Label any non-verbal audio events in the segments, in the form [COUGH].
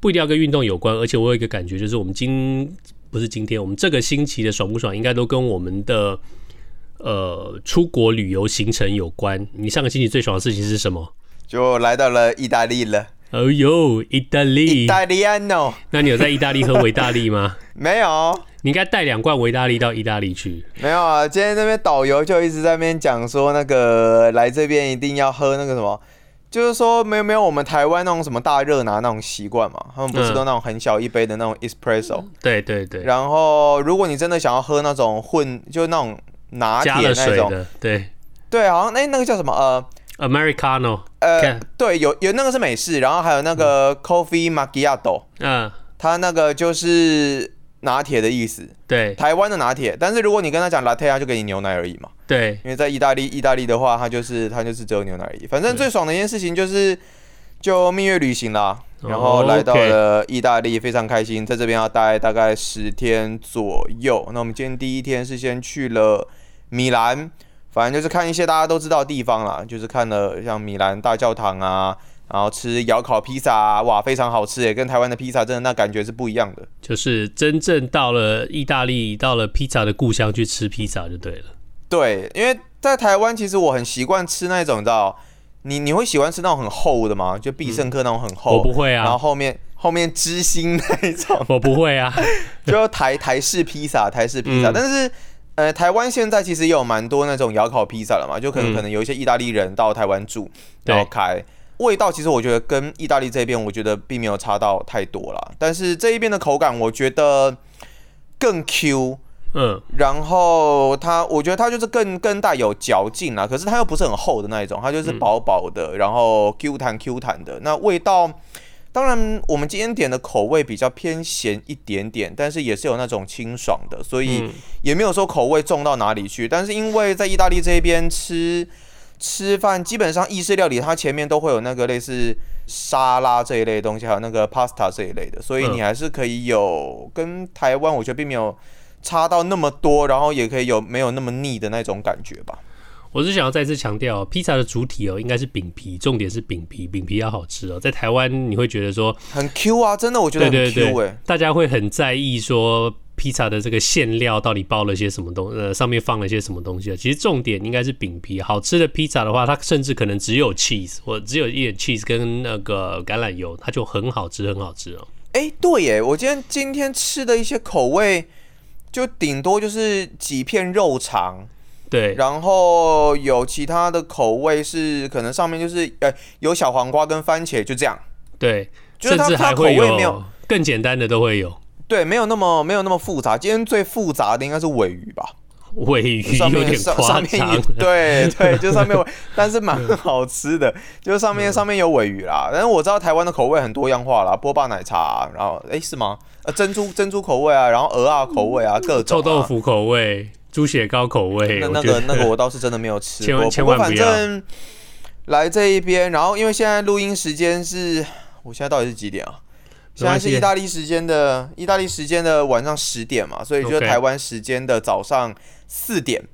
不一定要跟運動有關，而且我有一個感覺，就是我們今，不是今天，我們這個星期的爽不爽，應該都跟我們的呃出國旅遊行程有關。你上個星期最爽的事情是什麼？就來到了意大利了。哦呦，意大利，大利安諾。那你有在意大利喝維大力嗎？ [LAUGHS] 沒有，你應該帶兩罐維大力到意大利去。沒有啊，今天那邊導遊就一直在那邊講說，那個來這邊一定要喝那個什麼。就是說，沒有沒有我們台灣那種什麼大熱拿的那種習慣嘛，他們不是都那種很小一杯的那種 espresso，嗯。對對對。然後，如果你真的想要喝那種混，就那種拿鐵那種，對對，好像那那個叫什麼呃，Americano，呃，對，有有那個是美式，然後還有那個 coffee macchiato，嗯，它那個就是。拿鐵的意思，對，台灣的拿鐵。但是如果你跟他講 Latte，他就給你牛奶而已嘛。對，因為在意大利，意大利的話，它就是它就是只有牛奶而已。反正最爽的一件事情就是，對就蜜月旅行啦，然後來到了意大利，oh, okay 非常開心，在這邊要待大概十天左右。那我們今天第一天是先去了米蘭，反正就是看一些大家都知道的地方啦，就是看了像米蘭大教堂啊。然後吃窯烤披薩，哇，非常好吃誒，跟台灣的披薩真的那感覺是不一樣的。就是真正到了意大利，到了披薩的故鄉去吃披薩就對了。對，因為在台灣其實我很習慣吃那種，你知道，你你會喜歡吃那種很厚的嗎？就必勝客那種很厚，嗯、我不會啊。然後後面後面芝心那一種，我不會啊， [LAUGHS] 就台台式披薩，台式披薩。披薩嗯、但是呃，台灣現在其實也有蠻多那種窯烤披薩了嘛，就可能、嗯、可能有一些意大利人到台灣住，然後開。味道其實我覺得跟意大利這邊，我覺得並沒有差到太多了。但是這一邊的口感，我覺得更 Q，嗯，然後它，我覺得它就是更更帶有嚼勁啊。可是它又不是很厚的那一種，它就是薄薄的，嗯、然後 Q 彈 Q 彈的。那味道，當然我們今天點的口味比較偏鹹一點點，但是也是有那種清爽的，所以也沒有說口味重到哪裡去。但是因為在意大利這邊吃。吃飯基本上意式料理，它前面都會有那個類似沙拉這一類東西，還有那個 pasta 這一類的，所以你還是可以有、嗯、跟台灣，我覺得並沒有差到那麼多，然後也可以有沒有那麼膩的那種感覺吧。我是想要再次強調，披薩的主體哦，應該是餅皮，重點是餅皮，餅皮要好吃哦。在台灣你會覺得說很 Q 啊，真的我覺得很 Q 哎、欸，大家會很在意說。披薩的這個餡料到底包了些什麼東西？呃，上面放了些什麼東西啊？其實重點應該是餅皮。好吃的披薩的話，它甚至可能只有 cheese，或只有一點 cheese 跟那個橄欖油，它就很好吃，很好吃哦、喔。哎、欸，對耶，我今天今天吃的一些口味，就頂多就是幾片肉腸。對，然後有其他的口味是可能上面就是、呃，有小黃瓜跟番茄，就這樣。對，就是它甚至還會有更簡單的都會有。對，沒有那麼沒有那麼複雜。今天最複雜的應該是鮪魚吧？鮪魚有點誇張，對對，就上面， [LAUGHS] 但是蠻好吃的，就上面、嗯、上面有鮪魚啦。但是我知道台灣的口味很多樣化啦，波霸奶茶、啊，然後哎、欸、是嗎？呃、啊，珍珠珍珠口味啊，然後蚵仔口味啊，各種、啊、臭豆腐口味、豬血糕口味。那個那個我倒是真的沒有吃過，千萬千萬不要來這一邊。然後因為現在錄音時間是，我現在到底是幾點啊？現在是意大利時間的意大利時間的晚上十點嘛，所以就是台灣時間的早上四點。Okay.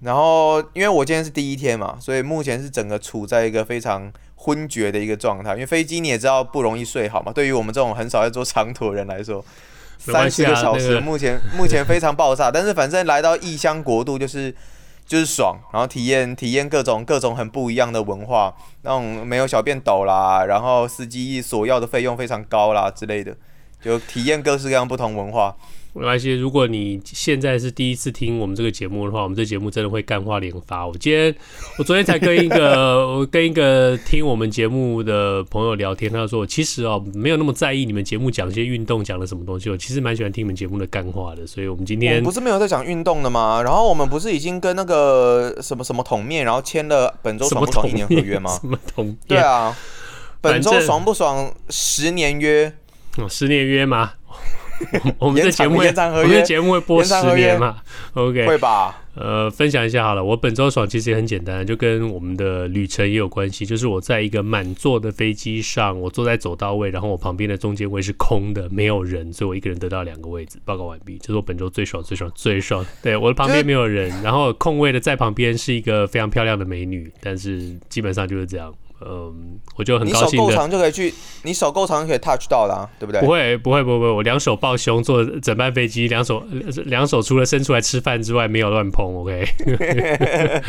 然後因為我今天是第一天嘛，所以目前是整個處在一個非常昏厥的一個狀態。因為飛機你也知道不容易睡好嘛，對於我們這種很少在坐長途的人來說，三十個小時，目前、沒關係啊那個、目前非常爆炸。 [LAUGHS] 但是反正來到異鄉國度就是。就是爽，然後體驗體驗各種各種很不一樣的文化，那種沒有小便斗啦，然後司機所要的費用非常高啦之類的，就體驗各式各樣不同文化。沒關係，如果你現在是第一次聽我們這個節目的話，我們這節目真的會幹話連發。我今天，我昨天才跟一個， [LAUGHS] 我跟一個聽我們節目的朋友聊天，他就說，其實哦，沒有那麼在意你們節目講一些運動講了什麼東西，我其實蠻喜歡聽你們節目的幹話的。所以，我們今天不是沒有在講運動的嗎？然後我們不是已經跟那個什麼什麼桶麵，然後簽了本周爽不爽一年合約嗎？什麼桶麵？麵？對啊，本周爽不爽十年約？哦，十年約嗎？ [LAUGHS] 我們這節目，我們這節目會播十年嘛？OK，會吧？呃，分享一下好了。我本周爽其實也很簡單，就跟我們的旅程也有關係。就是我在一個滿座的飛機上，我坐在走道位，然後我旁邊的中間位是空的，沒有人，所以我一個人得到兩個位置。報告完畢，這是我本周最爽、最爽、最爽。對，我的旁邊沒有人，然後空位的在旁邊是一個非常漂亮的美女，但是基本上就是這樣。嗯、呃，我就很高興。你手夠長就可以去，你手夠長就可以 touch 到啦，對不對？不會，不會，不會，我兩手抱胸坐整班飛機，兩手兩,兩手除了伸出來吃飯之外，沒有亂碰。OK [LAUGHS]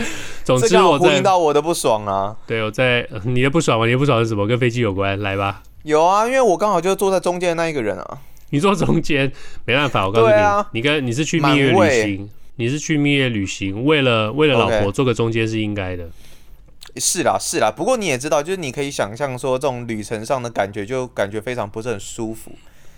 總之我，我 [LAUGHS] 呼應到我的不爽啊。對，我在你的不爽，你的不爽是什麼？跟飛機有關？來吧。有啊，因為我剛好就坐在中間的那一個人啊。你坐中間，沒辦法，我告訴你， [LAUGHS] 啊、你跟你是去蜜月旅行，未你是去蜜月旅行，為了為了老婆 Okay 坐個中間是應該的。是啦，是啦，不過你也知道，就是你可以想象說這種旅程上的感覺，就感覺非常不是很舒服。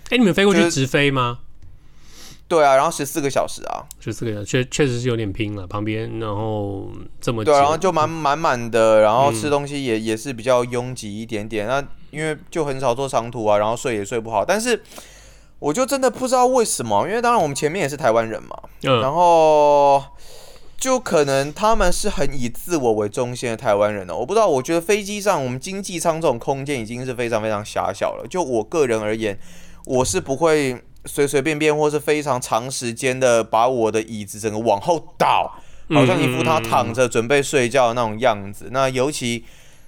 哎、欸，你們飛過去直飛嗎？就是、對啊，然後十四個小時啊，十四個小時確確實是有點拼了。旁邊，然後這麼對，然後就滿滿滿的，然後吃東西也、嗯、也是比較擁擠一點點。那因為就很少坐長途啊，然後睡也睡不好。但是我就真的不知道為什麼，因為當然我們前面也是台灣人嘛，呃、然後。就可能他們是很以自我為中心的台灣人哦，我不知道。我覺得飛機上我們經濟艙這種空間已經是非常非常狹小了。就我個人而言，我是不會隨隨便便或是非常長時間的把我的椅子整個往後倒，好像一副他躺着準備睡覺的那種樣子。嗯、那尤其。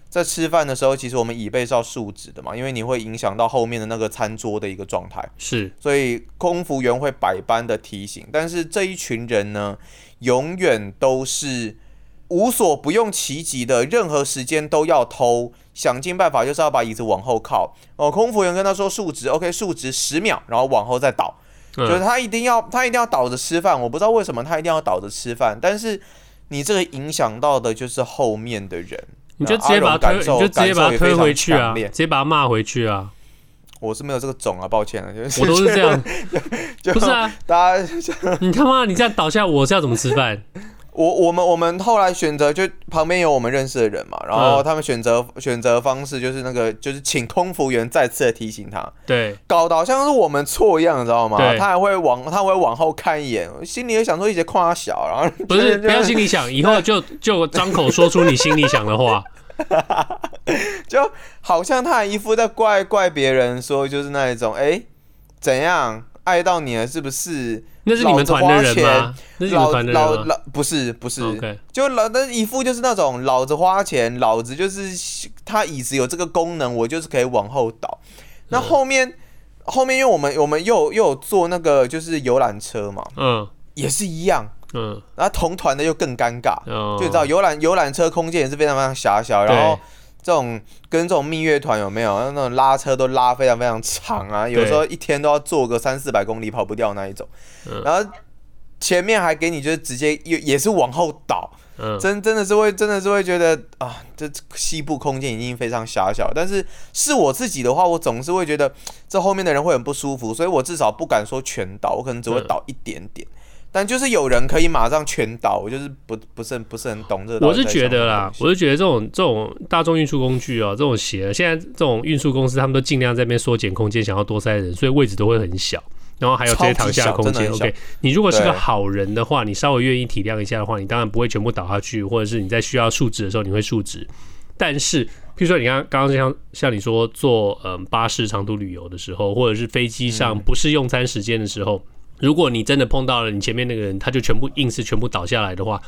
在吃飯的時候，其實我們椅背是要豎直的嘛，因為你會影響到後面的那個餐桌的一個狀態。是，所以空服員會百般的提醒，但是這一群人呢，永遠都是無所不用其極的，任何時間都要偷，想盡辦法就是要把椅子往後靠。哦、呃，空服員跟他說豎直，OK，豎直十秒，然後往後再倒，嗯、就是他一定要他一定要倒着吃飯。我不知道為什麼他一定要倒着吃飯，但是你這個影響到的就是後面的人。你就直接把他推、啊、推，你就直接把他推回去啊，直接把他罵回去啊。我是沒有這個種啊，抱歉了、就是、我都是這樣， [LAUGHS] 不是啊，你他媽你這樣倒下，我是要怎麼吃飯？ [LAUGHS] 我我們我們後來選擇就旁邊有我們認識的人嘛，然後他們選擇、嗯、選擇方式就是那個就是請空服員再次的提醒他，對，搞得好像是我們錯一樣，你知道嗎？對他還會往他會往後看一眼，心裡也想說一直誇他小，然後不是 [LAUGHS] 不要心裡想，以後就就張口說出你心裡想的話， [LAUGHS] 就好像他一副在怪怪別人說就是那一種，哎，怎樣？愛到你了是不是，那是，那是你們團的人嗎？老老老不是不是，不是 Okay. 就老那一副就是那種老子花錢，老子就是他椅子有這個功能，我就是可以往後倒。那後面是後面，因為我們我們又又有坐那個就是遊覽車嘛，嗯，也是一樣，嗯，然後同團的又更尷尬，嗯，就知道遊覽遊覽車空間也是非常非常狹小，對然後。這種跟這種蜜月團有沒有？那種拉車都拉非常非常長啊，對有時候一天都要坐個三四百公里，跑不掉那一種。嗯、然後前面還給你，就是直接也也是往後倒，嗯、真的真的是會真的是會覺得啊，這西部空間已經非常狹小。但是是我自己的話，我總是會覺得這後面的人會很不舒服，所以我至少不敢說全倒，我可能只會倒一點點。嗯但就是有人可以馬上全倒，我就是不不是很不是很懂這個東西。我是覺得啦，我是覺得這種這種大眾運輸工具哦、啊，這種鞋，現在這種運輸公司他們都儘量在那邊縮減空間，想要多塞人，所以位置都會很小。然後還有這些躺下的空間。OK，對你如果是個好人的話，你稍微願意體諒一下的話，你當然不會全部倒下去，或者是你在需要豎直的時候，你會豎直。但是，譬如說你剛剛剛像像你說坐嗯巴士長途旅遊的時候，或者是飛機上不是用餐時間的時候。嗯如果你真的碰到了你前面那個人，他就全部硬是全部倒下來的話，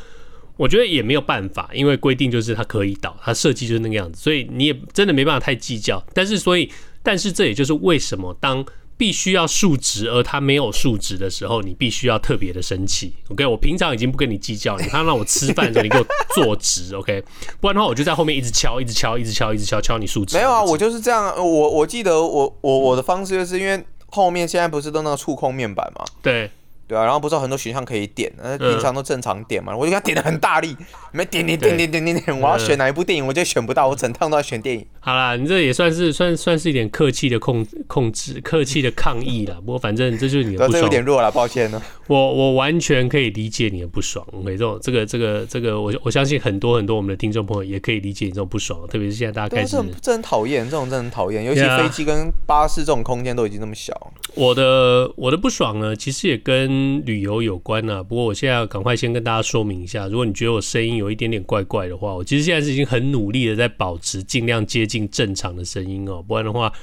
我覺得也沒有辦法，因為規定就是他可以倒，他設計就是那個樣子，所以你也真的沒辦法太計較。但是，所以，但是這也就是為什麼當必須要豎直而他沒有豎直的時候，你必須要特別的生氣。OK，我平常已經不跟你計較，你他讓我吃飯的時候你給我坐直 [LAUGHS] ，OK，不然的話我就在後面一直敲，一直敲，一直敲，一直敲，一直敲，敲你豎直。沒有啊，我就是這樣。我我記得我我我的方式就是因為。後面現在不是都那個觸控面板嘛？對，對啊，然後不是有很多選項可以點，那平常都正常點嘛。嗯、我就給他點的很大力，沒點點點點點點點，對我要選哪一部電影我就選不到，我整趟都在選電影。嗯、好啦，你這也算是算算是一點客氣的控控制，客氣的抗議了。 [LAUGHS] 不過反正這就是你的這有點弱了，抱歉呢。 [LAUGHS] 我我完全可以理解你的不爽，每種這個這個這個，我我相信很多很多我們的聽眾朋友也可以理解你這種不爽，特別是現在大家開始真的這種這很討厭，這種真的很討厭，尤其飛機跟巴士這種空間都已經那麼小。Yeah, 我的我的不爽呢，其實也跟旅遊有關呢、啊。不過我現在要趕快先跟大家說明一下，如果你覺得我聲音有一點點怪怪的話，我其實現在是已經很努力的在保持盡量接近正常的聲音哦、喔，不然的話。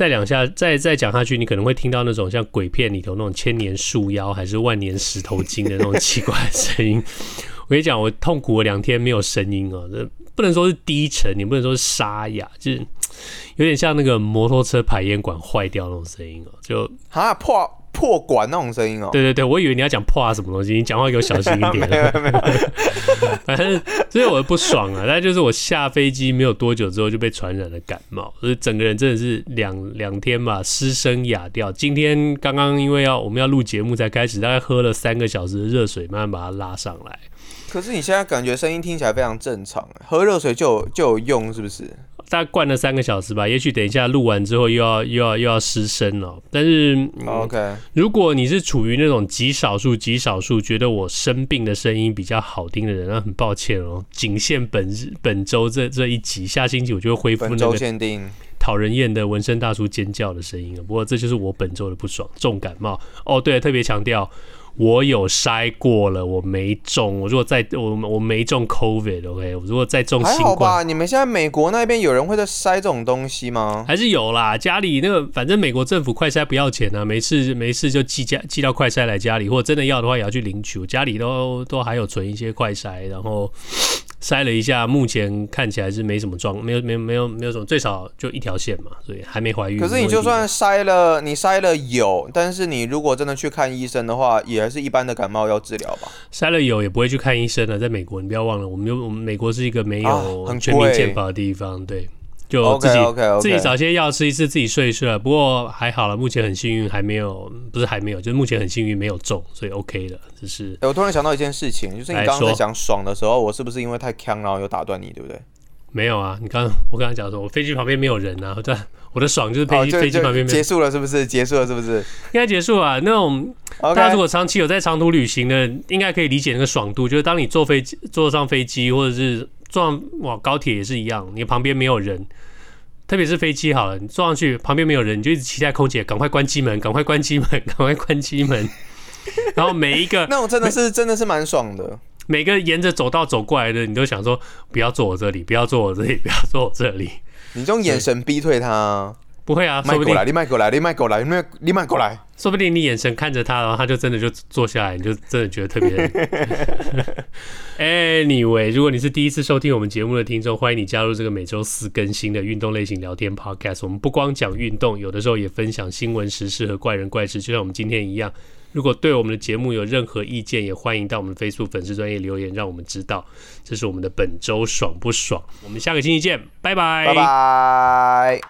再兩下，再再講下去，你可能會聽到那種像鬼片裡頭那種千年樹妖還是萬年石頭精的那種奇怪的聲音。 [LAUGHS] 我跟你講，我痛苦了兩天沒有聲音哦、喔。這不能說是低沉，也不能說是沙啞，就是有點像那個摩托車排煙管壞掉那種聲音哦、喔。就啊破。破管那種聲音哦，對對對，我以為你要講破啊什麼東西，你講話給我小心一點。沒有沒有，反正所以我不爽啊。但就是我下飛機沒有多久之後就被傳染了感冒，所以整個人真的是兩兩天吧，失聲啞掉。今天剛剛因為要我們要錄節目才開始，大概喝了三個小時的熱水，慢慢把它拉上來。可是你現在感覺聲音聽起來非常正常，喝熱水就有就有用是不是？大概灌了三個小時吧，也許等一下錄完之後又要又要又要失聲了，喔。但是，嗯，OK，如果你是處於那種極少數極少數覺得我生病的聲音比較好聽的人，那很抱歉哦，喔，僅限本本周這這一集，下星期我就會恢復那個討人厭的紋身大叔尖叫的聲音了，喔。不過這就是我本周的不爽，重感冒哦。對，特別強調。我有篩過了，我沒中。我如果再我我沒中 COVID，OK、OK?。我如果再中新冠。好吧？你們現在美國那邊有人會在篩這種東西嗎？還是有啦，家裡那個反正美國政府快篩不要錢啊，沒事沒事就寄家寄到快篩來家裡，或者真的要的話也要去領取。家裡都都還有存一些快篩，然後。篩了一下，目前看起來是沒什麼狀，沒有沒有沒有沒有什麼，最少就一條線嘛，所以還沒懷孕。可是你就算篩了，你篩了有，但是你如果真的去看醫生的話，也還是一般的感冒要治療吧？篩了有也不會去看醫生的，在美國你不要忘了，我們有我們美國是一個沒有全民健保的地方，啊、對。就自己自己找些藥吃一吃，自己睡一睡了。不過還好了，目前很幸運，還沒有，不是還沒有，就是目前很幸運沒有中，所以 OK 的。只是，我突然想到一件事情，就是你剛剛在講爽的時候，我是不是因為太嗆，然後又打斷你，對不對？沒有啊，你剛我剛剛講說我飛機旁邊沒有人對、啊，我的爽就是飛機飛機旁邊沒有人。結束了是不是？結束了是不是？應該結束啊。那種大家如果長期有在長途旅行的，應該可以理解那個爽度，就是當你坐飛機坐上飛機或者是。撞往高鐵也是一樣，你旁邊沒有人，特別是飛機好了，你坐上去旁邊沒有人，你就一直期待空姐趕快關機門，趕快關機門，趕快關機門。 [LAUGHS] 然後每一個那我真的是每真的是蠻爽的，每個沿着走道走過來的，你都想說不要坐我這裡，不要坐我這裡，不要坐我這裡。你用眼神逼退他。不會啊，說不定你過來，你邁過來，你邁過來，你邁過來，說不定你眼神看着他，然後他就真的就坐下來，你就真的覺得特別。Anyway，如果你是第一次收聽我們節目的聽眾，歡迎你加入這個每週四更新的運動類型聊天 Podcast。我們不光講運動，有的時候也分享新聞時事和怪人怪事，就像我們今天一樣。如果對我們的節目有任何意見，也歡迎到我們 Facebook 粉絲專頁留言，讓我們知道。這是我們的本週爽不爽？我們下個星期見，拜拜，拜拜。